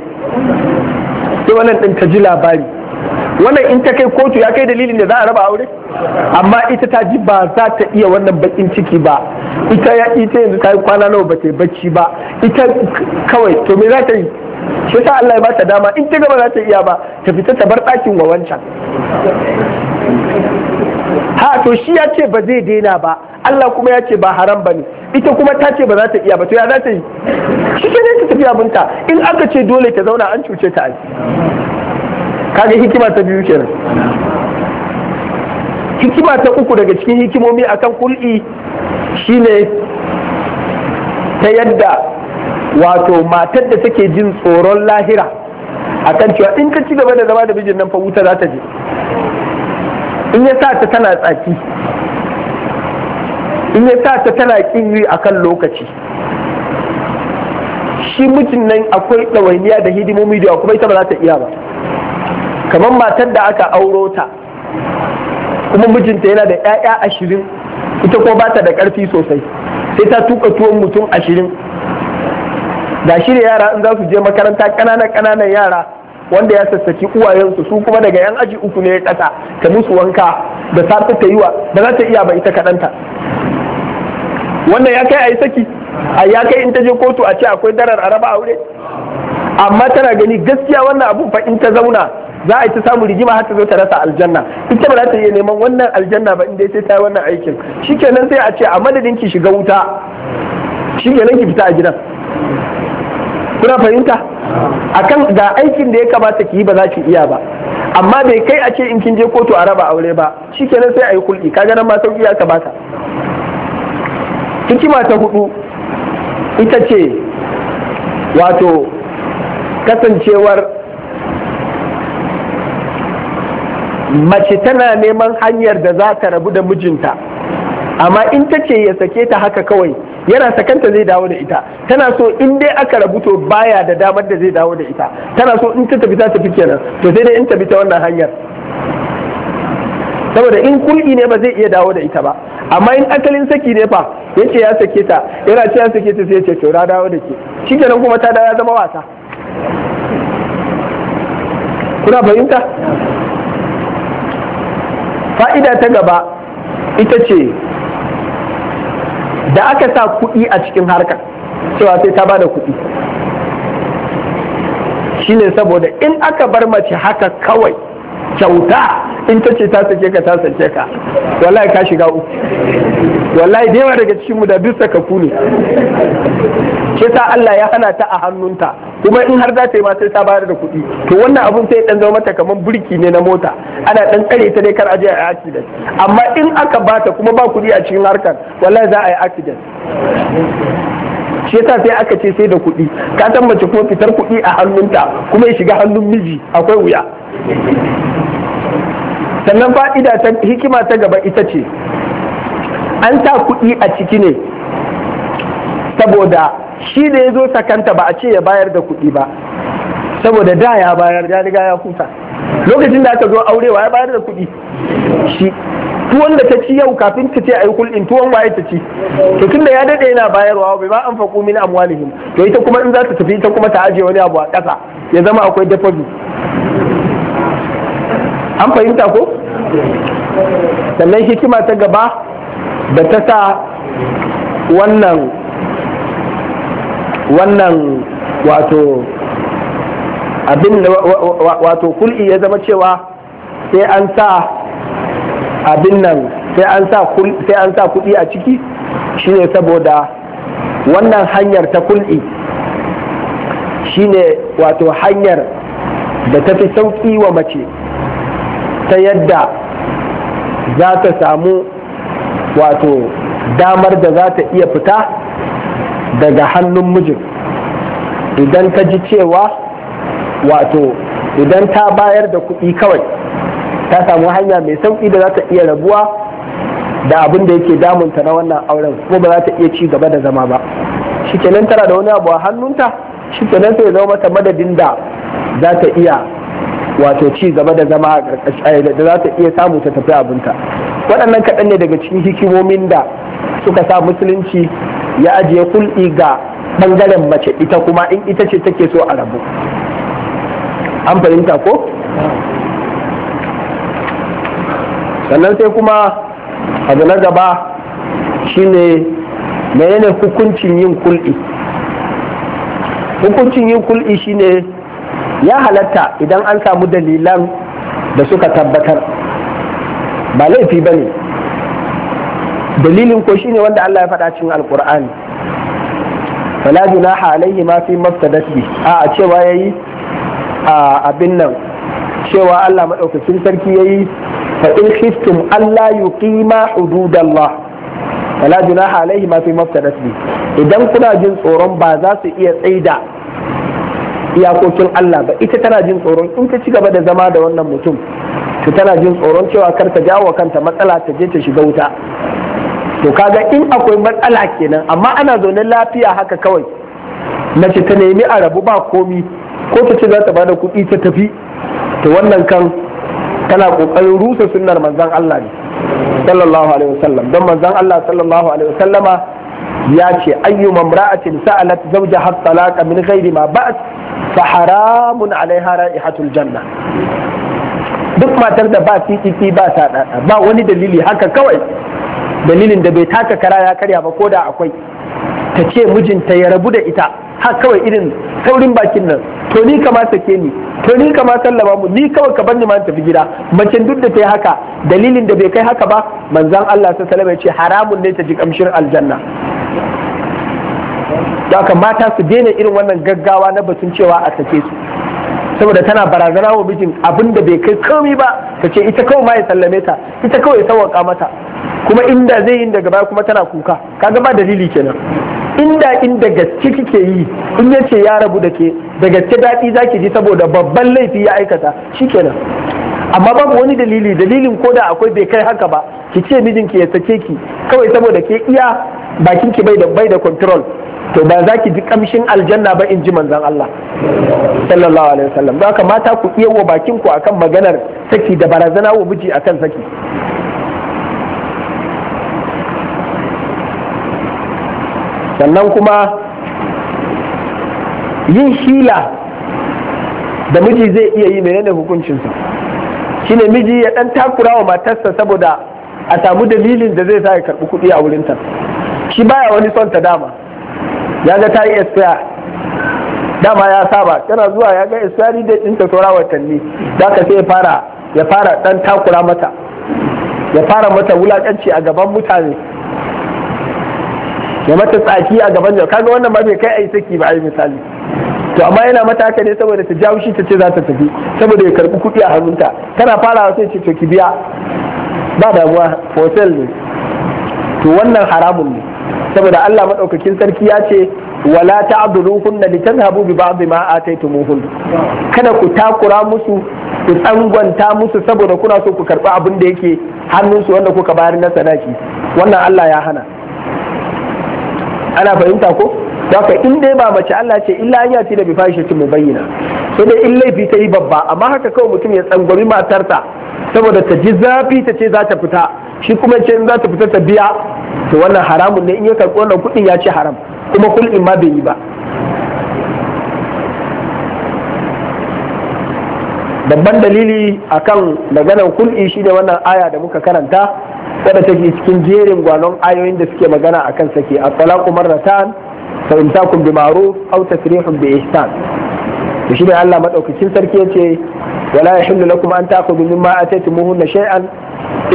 sai wannan din ta ji labari wannan in ta kai kotu ya kai dalilin da za a raba aure amma ita ta ji ba za ta iya wannan bakin ciki ba ita ya ita yanzu ta yi kwana nawa ba ta yi bacci ba ita kawai to me za ta yi shi sa Allah ya ba ta dama in ta gaba za ta iya ba ta fita ta bar ɗakin wa wancan ha to shi ya ce ba zai daina ba Allah kuma ya ce ba haram ba ne ita kuma ta ce ba za ta iya ba to ya za ta yi shi ke ta tafiya abinta in aka ce dole ta zauna an cuce ta ai kaga hikima ta biyu kenan hikima ta uku daga cikin hikimomi akan kul'i shine ta yadda wato matar da take jin tsoron lahira a kan cewa in ka ci gaba da zama da mijin nan fa wuta za ta je in ya sa ta tana tsaki in ya sa ta tana kin yi akan lokaci shi mijin nan akwai ɗawainiya da hidimomi da kuma ita ba za ta iya ba kamar matar da aka auro ta kuma mijinta yana da 'ya'ya ashirin ita ko ba ta da ƙarfi sosai sai ta tuka tuwon mutum ashirin ga shirya yara in za su je makaranta ƙananan kananan yara wanda ya sassaki uwayensu su kuma daga yan aji uku ne ya kasa ta musu wanka da safe ta yi wa ba za ta iya ba ita kaɗanta wannan ya kai a yi saki a ya kai in ta je kotu a ce akwai darar a raba aure amma tana gani gaskiya wannan abu fa in ta zauna za a yi ta samu rigima har ta zo ta rasa aljanna ita ba za ta iya neman wannan aljanna ba inda sai ta yi wannan aikin shikenan sai a ce a madadin ki shiga wuta shikenan ki fita a gidan kuna fahimta akan ga aikin da ya kamata ki yi ba za ki iya ba amma bai kai a ce in kin je kotu a raba aure ba shikenan sai a yi kulki kaga nan ma sauki ya kamata. hikima ta hudu ita ce wato kasancewar mace tana neman hanyar da za ta rabu da mijinta amma in ta ce ya sake ta haka kawai yana sakanta zai dawo da ita tana so in dai aka rabu baya da damar da zai dawo da ita tana so in ta tafi ta tafi kenan to sai dai in tafi ta wannan hanyar saboda in kulki ne ba zai iya dawo da ita ba amma in akalin saki ne fa yace ya sake ta yana ce ya sake ta sai yace to na dawo da ke shikenan kuma ta dawo ya zama wasa kuna fahimta fa'ida ta gaba ita ce da aka sa kuɗi a cikin harkar cewa sai ta ba da kuɗi Shi ne saboda in aka bar mace haka kawai kyauta in ta ce ta sake ka ta sake ka wallahi ka shiga uku wallahi da yawa daga cikin da bisa ka ne ke ta Allah ya hana ta a hannunta kuma in har za ta yi ma sai ta bayar da kuɗi to wannan abun sai dan zama mata kamar burki ne na mota ana dan tsare ta ne kar a je a accident amma in aka bata kuma ba kuɗi a cikin harkar wallahi za a yi accident shi yasa sai aka ce sai da kuɗi ka san mace kuma fitar kuɗi a hannunta kuma ya shiga hannun miji akwai wuya sannan fa'ida ta hikima ta gaba ita ce an sa kuɗi a ciki ne saboda shi da ya zo sakanta ba a ce ya bayar da kuɗi ba saboda da ya bayar ya riga ya kusa. lokacin da aka zo aurewa ya bayar da kuɗi shi tuwon da ta ci yau kafin ta ce a yi kulɗin tuwon waye ta ci to tun da ya daɗe yana bayarwa bai ba an faƙo min amwalihim to ita kuma in za ta tafi ita kuma ta ajiye wani abu a ƙasa ya zama akwai deposit an fahimta ko sannan hikima ta gaba da ta sa wannan wannan wato abin da wato kul'i ya zama cewa sai an sa abin nan sai an sa kuɗi a ciki shine saboda wannan hanyar ta kul'i shine wato hanyar da ta fi sauƙi wa mace ta yadda za ta samu wato damar da za ta iya fita daga hannun mijin idan ta ji cewa wato idan ta bayar da kuɗi kawai ta samu hanya mai sauƙi da za ta iya rabuwa da abin da yake damunta na wannan auren ko ba za ta iya ci gaba da zama ba shikenan tana da wani abu a hannunta shikenan sai zama mata madadin da za ta iya wato ci gaba da zama a ƙarƙashin da za ta iya samu ta tafi abinta waɗannan kaɗan ne daga cikin hikimomin da suka sa musulunci ya ajiye kul'i ga ɓangaren mace ita kuma in ita ce take so a rabu an fahimta ko sannan sai kuma abu na gaba shine menene hukuncin yin kulɗi hukuncin yin kul'i shine ya halatta idan an samu dalilan da suka tabbatar ba laifi ba ne dalilin ko shine wanda Allah ya faɗa cikin alkur'ani Wala junaha alaihi ma fi maftadat bi a cewa yayi a abin nan cewa Allah madaukakin sarki yayi fa in khiftum alla yuqima hududallah Wala junaha alaihi ma fi maftadat bi idan kuna jin tsoron ba za su iya tsaida iyakokin Allah ba ita tana jin tsoron in ta ci gaba da zama da wannan mutum to tana jin tsoron cewa kar ta jawo kanta matsala ta je ta shiga wuta to kaga in akwai matsala kenan amma ana zaune lafiya haka kawai mace ta nemi a rabu ba komi ko ta ce za ta bada kuɗi ta tafi to wannan kan tana kokarin rusa sunnar manzon Allah ne sallallahu alaihi wasallam don manzon Allah sallallahu alaihi wasallama ya ce ayyu mamra'atin sa'alat zawjaha talaqa min ghairi ma ba'as fa haramun alaiha ra'ihatul janna duk matar da ba titi ba ta ba wani dalili haka kawai dalilin da bai taka kara ya karya ba ko da akwai ta ce mijinta ya rabu da ita har kawai irin saurin bakin nan to ni kama ta ke ni to ni kama sallama mu ni kawai ka bar ni ma tafi gida mace duk da ta yi haka dalilin da bai kai haka ba manzon Allah sallallahu alaihi ya ce haramun ne ta ji kamshin aljanna haka mata su daina irin wannan gaggawa na batun cewa a sake su saboda tana barazana wa mijin abin da bai kai komi ba ta ce ita kawai ma ya sallame ta ita kawai ya sawwaka mata kuma inda zai yi daga baya kuma tana kuka kaga ba dalili kenan inda inda gaske kike yi in yace ya rabu da ke da gaske daɗi zaki ji saboda babban laifi ya aikata shi kenan. amma babu wani dalili dalilin ko da akwai bai kai haka ba ki ce mijinki ya sake ki kawai saboda ke iya bakin ki bai da bai da control to ba za ki ji kamshin aljanna ba in ji manzon Allah sallallahu alaihi wasallam don haka mata ku iya wa bakin ku akan maganar saki da barazana wa miji akan saki sannan kuma yin hila da miji zai iya yi menene hukuncinsa shi ne miji ya ɗan takura wa matarsa saboda a samu dalilin da zai sa ya karɓi kuɗi a wurinta shi baya wani son ta dama ya ga ta yi espiya dama ya saba tana zuwa ya ga ni da ɗinta saura watanni za ka sai ya fara dan takura mata ya fara mata wulaƙanci a gaban mutane ya mata tsaki a gaban jama'a kaga wannan ba bai kai a ai saki ba ai misali to amma yana mata haka ne saboda ta jawo shi ta ce za ta tafi saboda ya karbi kuɗi a hannunta tana farawa sai ce to ki biya ba damuwa hotel ne to wannan haramun ne saboda Allah maɗaukakin sarki ya ce wala ta'dhuluhunna litadhhabu bi ba'd ma ataytumuhun kada ku takura musu ku tsangwanta musu saboda kuna so ku karɓi abin da yake hannunsu wanda kuka bayar na sadaki wannan Allah ya hana ana fahimta ko haka in dai ba mace Allah ce illa an yati da bi mu bayyana, sai dai in laifi ta yi babba amma haka kawai mutum ya tsangwami matarta saboda ta ji zafi ta ce za ta fita shi kuma ce in za ta fita ta biya to wannan haramun ne in ya karɓi wannan kuɗin ya ce haram kuma kul'in ma bai yi ba babban dalili akan maganar kul'i shine wannan aya da muka karanta wadda take cikin jerin gwanon ayoyin da suke magana a kan ke a talaku marratan fa imsakun bi ma'ruf aw tasrihun bi ihsan to shi ne Allah madaukakin sarki yace wala yahillu lakum an ta'khudhu mimma ataytumuhunna shay'an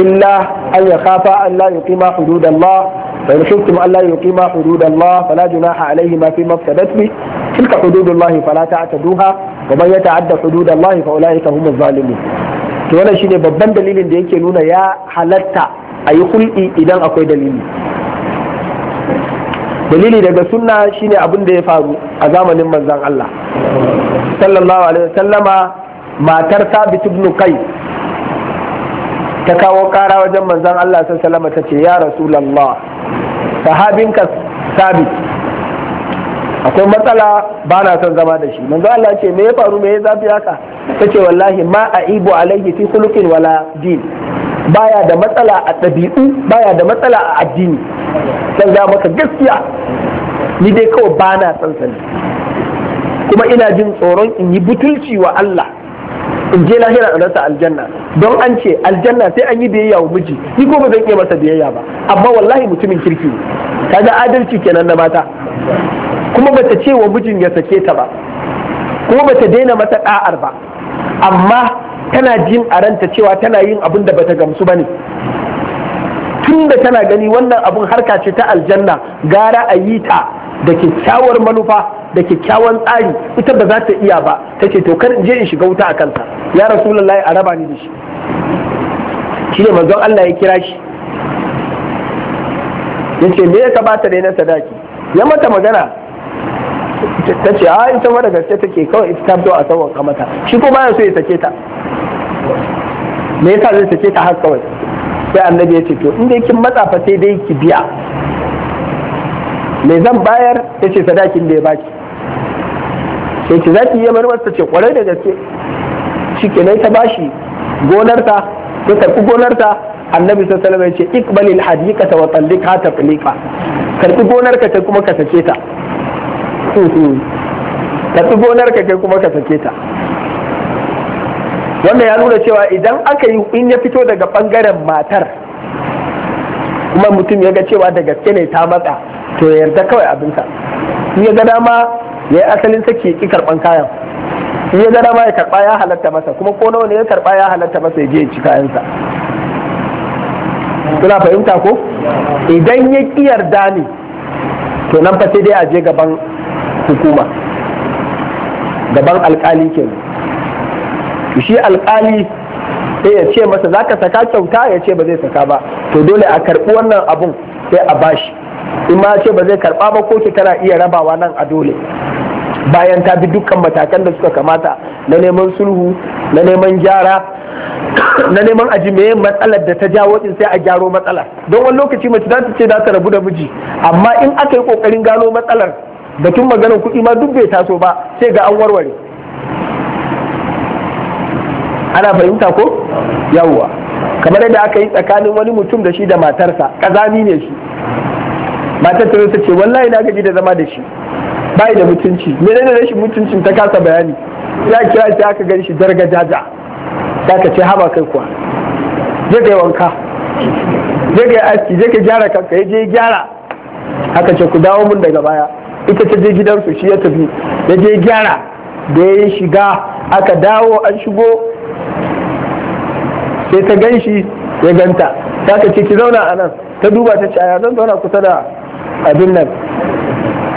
illa an yakhafa an la yuqima hududallah فإن خفتم ألا يقيما حدود الله فلا جناح عليهما فيما افتدت به تلك حدود الله فلا تعتدوها ومن يتعدى حدود الله فأولئك هم الظالمون to wannan shine babban dalilin da yake nuna ya halatta a yi hulɗi idan akwai dalili dalili daga sunna shine abin da ya faru a zamanin manzan Allah sallallahu alaihi wasallama matar sabit ibn kai ta kawo kara wajen manzan Allah sallallahu alaihi ta ce ya rasulullah sahabinka sabit akwai matsala ba na son zama da shi manzan Allah ce me ya faru me ya zafi haka Ta ce wallahi ma aibu alaihi fi khuluqin wala din baya da matsala a ɗabi'u baya da matsala a addini zan za maka gaskiya ni dai kawai ba na san kuma ina jin tsoron in yi butulci wa Allah in je lahira a rasa aljanna don an ce aljanna sai an yi biyayya wa miji ni ko ba zan iya masa biyayya ba amma wallahi mutumin kirki ne kaga adalci kenan na mata kuma bata ce wa mijin ya sake ta ba kuma bata daina mata da'ar ba amma tana jin a ranta cewa tana yin abin da bata gamsu ba ne tun da tana gani wannan abin harka ce ta aljanna gara a yi ta da kyakkyawar manufa da kyakkyawan tsari ita ba za ta iya ba ta ce to kar je in shiga wuta a kansa ya rasulullahi a raba ni da shi shi ne manzon Allah ya kira shi ya ce me ya kamata da na sadaki ya mata magana ta ce a ah, ita ma da gaske take kawai ita ta a sauwaka mata shi ko ya so ya sake ta me yasa zai sake ta har kawai sai annabi ya ce to in dai kin matsa fa sai dai ki biya me zan bayar yace sadakin da ya baki sai ki zaki yi marmar ta ce kwarai da gaske shi ta bashi gonarta ta karɓi gonarta annabi sallallahu alaihi wasallam ya ce ikbalil hadikata wa talliqa taqliqa karɓi gonarka kai kuma ka sake ta karɓi gonarka kai kuma ka sake ta wannan ya nuna cewa idan aka yi in ya fito daga bangaren matar kuma mutum ya ga cewa da gaske ne ta matsa to ya yarda kawai abinsa in ya ga dama ya yi asalin saki ki karban kayan in ya ga dama ya karba ya halatta masa kuma ko nawa ne ya karba ya halatta masa ya je ya ci kayansa kuna fahimta ko idan ya ki yarda ne to nan fa sai dai a je gaban hukuma gaban alkali kenan shi alƙali sai ya ce masa zaka saka kyauta ya ce ba zai saka ba to dole a karɓi wannan abun sai a bashi in ma ce ba zai karɓa ba ko ki tana iya rabawa nan a dole bayan ta bi dukkan matakan da suka kamata na neman sulhu na neman gyara na neman aji meye matsalar da ta jawo din sai a gyaro matsalar don wani lokaci mace za ta ce za ta rabu da miji amma in aka yi kokarin gano matsalar batun maganar kuɗi ma duk bai taso ba sai ga an warware ana fahimta ko yawwa kamar yadda aka yi tsakanin wani mutum da shi da matarsa kazami ne shi matar ta ta ce wallahi na gaji da zama da shi bai da mutunci menene rashin mutuncin ta kasa bayani ya kira shi aka gani shi darga jaja ta ka ce haba kai kuwa je wanka je aski je kai gyara kanka ya je gyara aka ce ku dawo mun daga baya ita ta je gidansu shi ya tafi ya je gyara da ya shiga aka dawo an shigo sai ta gan shi ya ganta ta ka ce ki zauna a nan ta duba ta caya zan zauna kusa da abin nan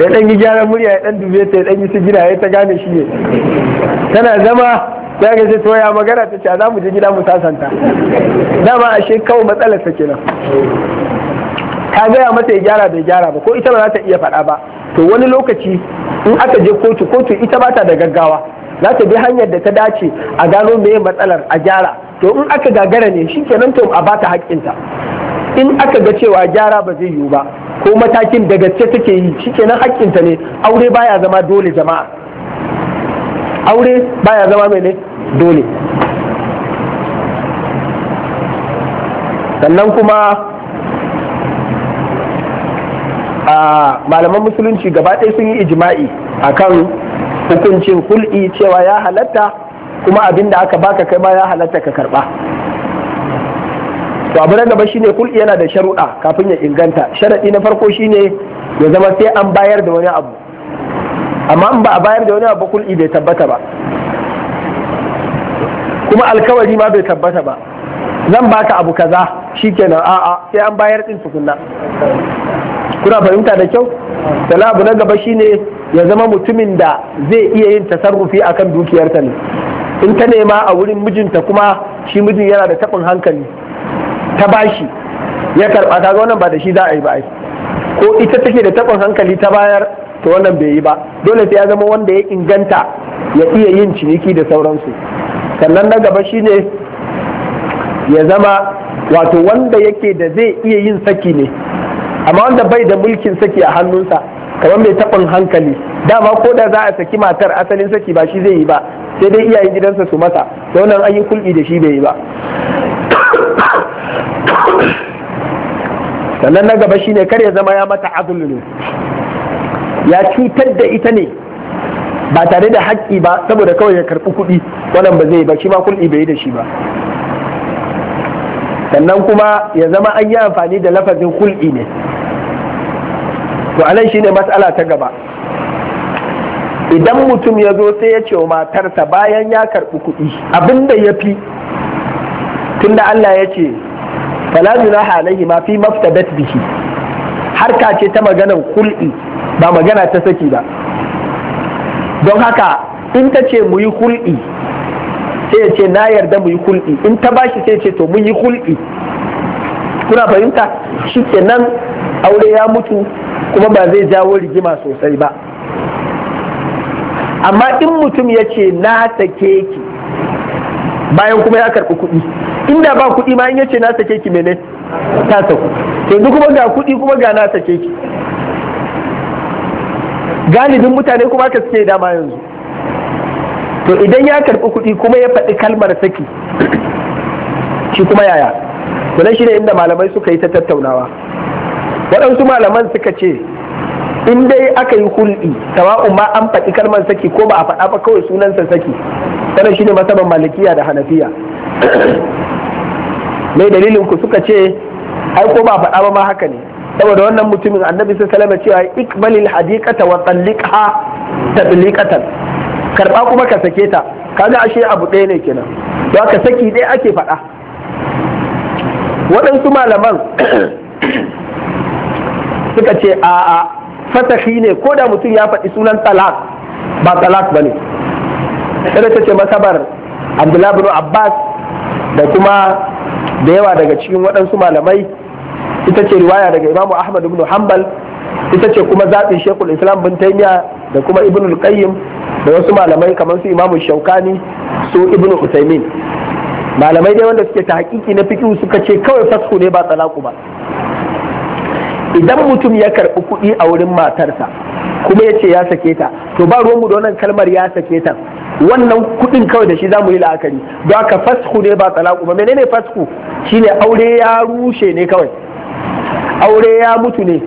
ya dan yi gyaran murya ya dan dube ta ya dan yi gina ya ta gane shi ne tana zama ya ga sai toya magana ta ce za mu je gida mu sasanta dama ashe kawai matsalar ta kenan ka gaya mata ya gyara bai gyara ba ko ita ba za ta iya faɗa ba to wani lokaci in aka je kotu kotu ita ba ta da gaggawa za ta bi hanyar da ta dace a gano meye matsalar a gyara to in aka gagara ne shi nan to a bata haƙƙinta in aka ga cewa gyara ba zai yiwu ba ko matakin da gaske take yi shi shikenan haƙƙinta ne aure baya zama dole jama'a aure baya zama mai ne dole sannan kuma a malaman musulunci gaba ɗaya sun yi ijima'i kan. hukuncin hul'i cewa ya halatta kuma abin da aka baka kai ma ya halatta ka karba to abu na gaba shine hul'i yana da sharuɗa kafin ya inganta sharaɗi na farko shine ya zama sai an bayar da wani abu amma in ba a bayar da wani abu hul'i bai tabbata ba kuma alkawari ma bai tabbata ba zan baka abu kaza shikenan a'a sai an bayar din tukunna kuna fahimta da kyau da abu na gaba shine ya zama mutumin da zai iya yin tasarrufi akan dukiyarta ne in ta nema a wurin mijinta kuma shi mijin yana da taɓin hankali ta bashi ya karɓa ta wannan ba da shi za a yi ba ko ita take da taɓin hankali ta bayar to wannan bai yi ba dole sai ya zama wanda ya inganta ya iya yin ciniki da sauransu sannan na gaba shi ne ya zama wato wanda yake da zai iya yin saki ne amma wanda bai da mulkin saki a hannunsa kamar mai taɓin hankali dama ko da za a saki matar asalin saki ba shi zai yi ba sai dai iyayen gidansa su mata da wannan an yi kulɓi da shi bai yi ba sannan na gaba shine kar ya zama ya mata azulun ya cutar da ita ne ba tare da haƙƙi ba saboda kawai ya karɓi kuɗi wannan ba zai yi ba shi ma kulɓi bai yi da shi ba sannan kuma ya zama an yi amfani da lafazin kul'i ne to anan shine matsala ta gaba idan mutum ya zo sai ya ce wa matarsa bayan ya karɓi kuɗi abinda ya fi tunda Allah ya ce fala junaha alaihi ma fi maftadat bihi harka ce ta maganar kul'i ba magana ta saki ba don haka in ta ce mu yi kul'i sai ya ce na yarda mu yi kul'i in ta bashi sai ce to mun yi kul'i kuna fahimta shi nan aure ya mutu kuma ba zai jawo rigima sosai ba amma in mutum ya ce na sake ki bayan kuma ya karɓi kuɗi inda ba kuɗi ma in ya ce na sake ki mene ta saku duk kuma ga kuɗi kuma ga na sake ki galibin mutane kuma ka suke dama yanzu to idan ya karɓi kuɗi kuma ya faɗi kalmar saki shi kuma yaya kula shi ne inda malamai suka yi ta tattaunawa waɗansu malaman suka ce in dai aka yi hulɗi tawa'un ma an faɗi kalmar saki ko ba a faɗa ba kawai sunansa saki shi shine masaban malikiya da hanafiya mai dalilin ku suka ce ai ko ba a faɗa ba ma haka ne saboda wannan mutumin annabi sai salama cewa ikbalil hadiqata wa talliqha tabliqatan karba kuma ka sake ta kaga ashe abu ɗaya ne kenan to ka saki dai ake faɗa waɗansu malaman suka ce a'a fasahi ne ko da mutum ya faɗi sunan talak ba talak ba ne sai ta ce masabar abdullahi bin abbas da kuma da yawa daga cikin waɗansu malamai ita ce riwaya daga imamu ahmad ibn hanbal ita ce kuma zaɓin shekul islam bin taimiya da kuma ibn al da wasu malamai kamar su imamu shaukani su ibn usaimin malamai dai wanda suke ta hakiki na fiƙi suka ce kawai fasku ne ba talaku ba idan mutum ya karɓi kuɗi a wurin matarsa kuma ya ce ya sake ta to ba ruwanmu da wannan kalmar ya sake ta wannan kuɗin kawai da shi za mu yi la'akari don haka fasku ne ba talaku ba menene fasku shine aure ya rushe ne kawai aure ya mutu ne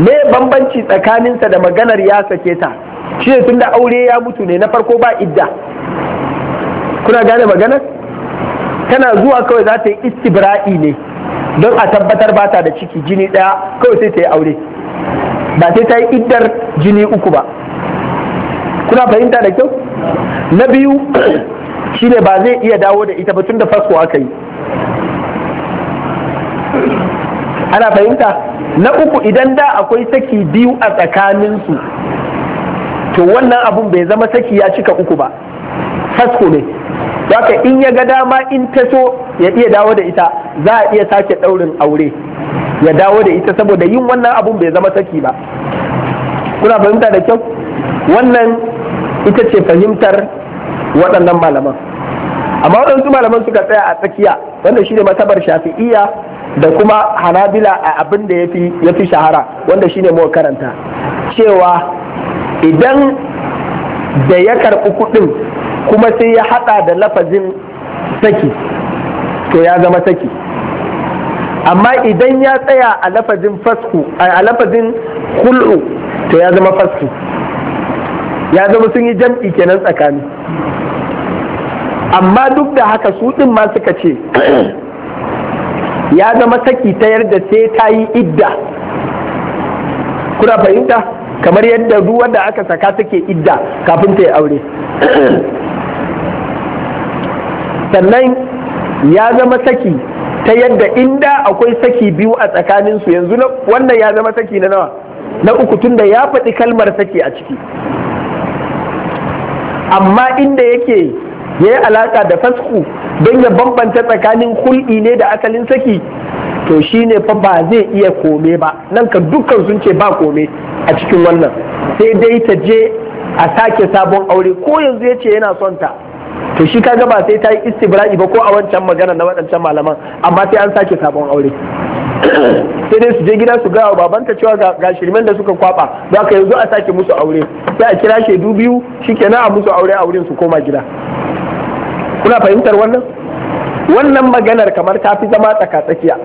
me bambanci tsakaninsa da maganar ya sake ta shi ne da aure ya mutu ne na farko ba idda kuna gane maganar tana zuwa kawai za ta yi istibra'i ne don a tabbatar ba ta da ciki jini ɗaya kawai sai ta yi aure ba sai ta yi iddar jini uku ba kuna fahimta da kyau na biyu shine ba zai iya dawo da ita ba tun da fasko aka yi ana fahimta na uku idan da akwai saki biyu a tsakaninsu to wannan abun bai zama saki ya cika uku ba fasko ne haka in ya ga dama in ta so ya iya dawo da ita za a iya sake ɗaurin aure ya dawo da ita saboda yin wannan abun bai zama saki ba kuna fahimta da kyau wannan ita ce fahimtar waɗannan malaman amma waɗansu malaman suka tsaya a tsakiya wanda shi matabar shafi'iyya da kuma hanabila a abin da ya fi shahara wanda shine ne karanta cewa idan da ya karɓi kuɗin kuma sai ya haɗa da lafazin saki to ya zama saki amma idan ya tsaya a lafazin fasku a lafazin kul'u to ya zama fasku ya zama sun yi jam'i kenan tsakani amma duk da haka su ɗin ma suka ce ya zama saki ta yarda sai ta yi idda kuna fahimta kamar yadda ruwa da aka saka take idda kafin ta yi aure sannan ya zama saki ta yadda inda akwai saki biyu a tsakaninsu, yanzu wannan ya zama saki na nawa na uku tunda ya faɗi kalmar saki a ciki amma inda yake ya yi alaƙa da fasku don ya bambanta tsakanin hulɗi ne da asalin saki to shi ne fa ba zai iya kome ba nan ka dukkan sun ce ba kome a cikin wannan sai dai ta je a sake sabon aure ko yanzu ya ce yana son ta to shi kaga ba sai ta yi istibra'i ba ko a wancan magana na waɗancan malaman amma sai an sake sabon aure sai dai su je gida su gawa babanta cewa ga shirmen da suka kwaba za ka yanzu a sake musu aure sai a kira shaidu biyu ke a musu aure a wurin su koma gida kuna fahimtar wannan wannan maganar kamar ta fi zama tsaka tsakiya.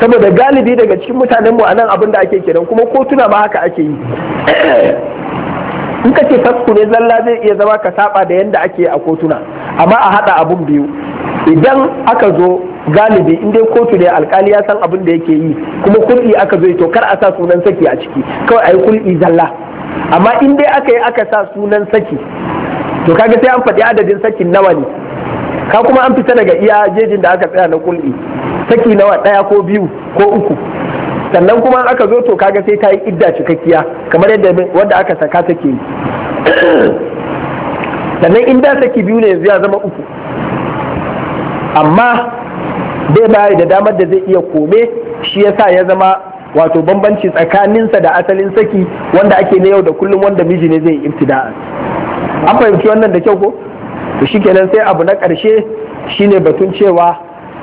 saboda galibi daga cikin mutanenmu a nan abin da ake kenan kuma kotuna ma haka ake yi in ka ce fasku ne zalla zai iya zama ka saba da yanda ake a kotuna amma a hada abun biyu idan aka zo galibi in dai kotu ne alkali ya san abin da yake yi kuma kul'i aka zo to kar a sa sunan saki a ciki kawai a yi kul'i zalla amma in dai aka yi aka sa sunan saki to kaga sai an faɗi adadin sakin nawa ne ka kuma an fita daga iya jejin da aka tsaya na kul'i saki nawa ɗaya ko biyu ko uku sannan kuma aka zo to kaga sai ta yi idda cikakkiya kamar yadda wanda aka saka take yi sannan in da saki biyu ne yanzu ya zama uku amma bai bayi da damar da zai iya kome shi yasa ya zama wato bambanci tsakaninsa da asalin saki wanda ake na yau da kullum wanda miji ne zai ibtida'a an fahimci wannan da kyau ko to shikenan sai abu na karshe shine batun cewa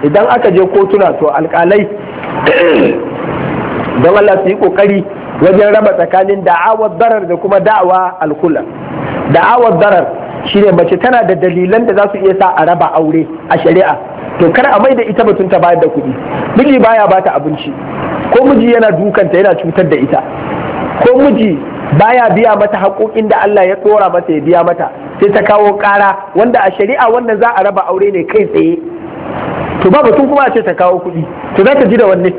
idan aka je kotuna to alƙalai don Allah su yi kokari wajen raba tsakanin da'awar darar da kuma da'awa alkula da'awar darar shine mace tana da dalilan da za su iya sa a raba aure a shari'a to kar a mai da ita batun ta bayar da kuɗi miji baya bata abinci ko miji yana dukanta yana cutar da ita ko miji baya biya mata haƙoƙin da Allah ya tsora mata ya biya mata sai ta kawo ƙara wanda a shari'a wannan za a raba aure ne kai tsaye to ba batun kuma a ce ta kawo kuɗi to za ta ji da wanne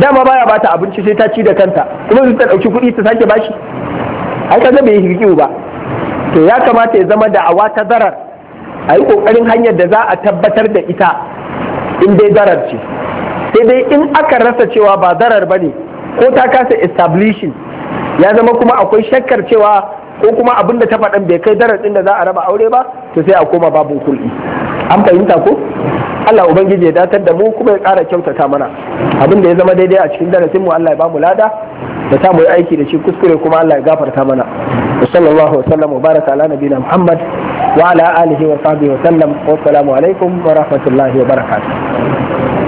dama baya bata abinci sai ta ci da kanta kuma zai ta dauki kuɗi ta sake bashi ai kaga bai hirgiu ba to ya kamata ya zama da awa ta zarar a yi kokarin hanyar da za a tabbatar da ita in dai zarar ce sai dai in aka rasa cewa ba zarar bane ko ta kasa establishing ya zama kuma akwai shakkar cewa ko kuma abin da ta faɗan bai kai zarar ɗin da za a raba aure ba to sai a koma babu kul'i an fahimta ko Allah ubangiji ya datar da mu kuma ya kara kyautata mana abin da ya zama daidai a cikin darasin mu Allah ya bamu lada da ta mu yi aiki da shi kuskure kuma Allah ya gafarta mana wa sallallahu wa sallam wa baraka ala nabiyina Muhammad wa ala alihi wa sahbihi wa sallam wa assalamu alaikum wa rahmatullahi wa barakatuh